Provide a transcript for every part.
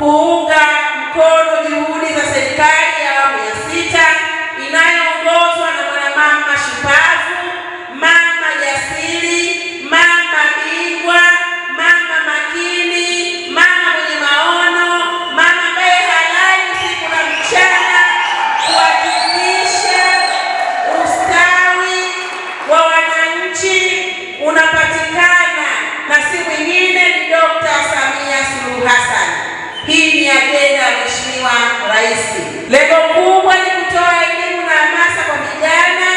Oh. apenda Mheshimiwa Rais. Lengo kubwa ni kutoa elimu na hamasa kwa vijana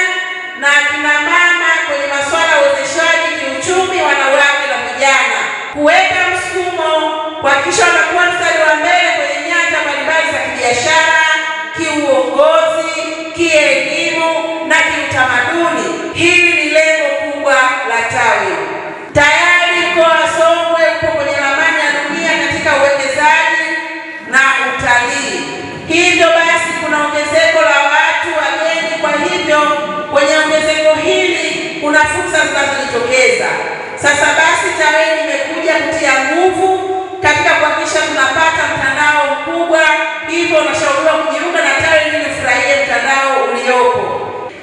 na kina mama kwenye masuala ya uwezeshaji kiuchumi wanawake na vijana, kuweka msukumo, kuhakikisha wanakuwa mstari wa mbele kwenye nyanja mbalimbali za kibiashara, kiuongozi, kielimu na kiutamaduni. Hii hivyo wanashauriwa kujiunga na tawi ili nifurahie mtandao uliopo.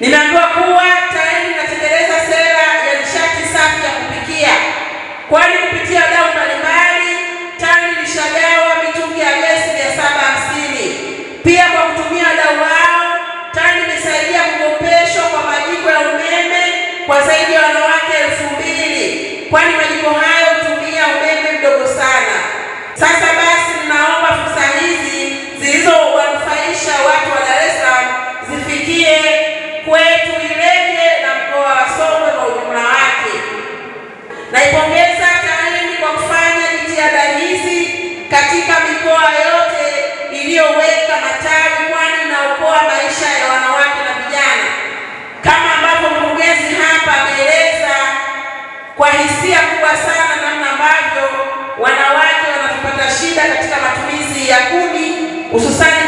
Nimeambiwa kuwa tawi linatekeleza sera ya nishati safi ya kupikia, kwani kupitia wadau mbalimbali tawi lishagawa mitungi ya gesi mia saba hamsini. Pia kwa kutumia wadau wao tawi limesaidia kukopeshwa kwa majiko ya umeme kwa zaidi ya wanawake elfu mbili kwani majiko hayo hutumia umeme mdogo sana. Sasa kwetu Ileje na mkoa wa Songwe kwa ujumla wake. Naipongeza TAMIMI kwa kufanya jitihada hizi katika mikoa yote iliyoweka matawi, kwani inaokoa maisha ya wanawake na vijana, kama ambavyo mkurugenzi hapa ameeleza kwa hisia kubwa sana namna ambavyo wanawake wanapata shida katika matumizi ya kuni hususani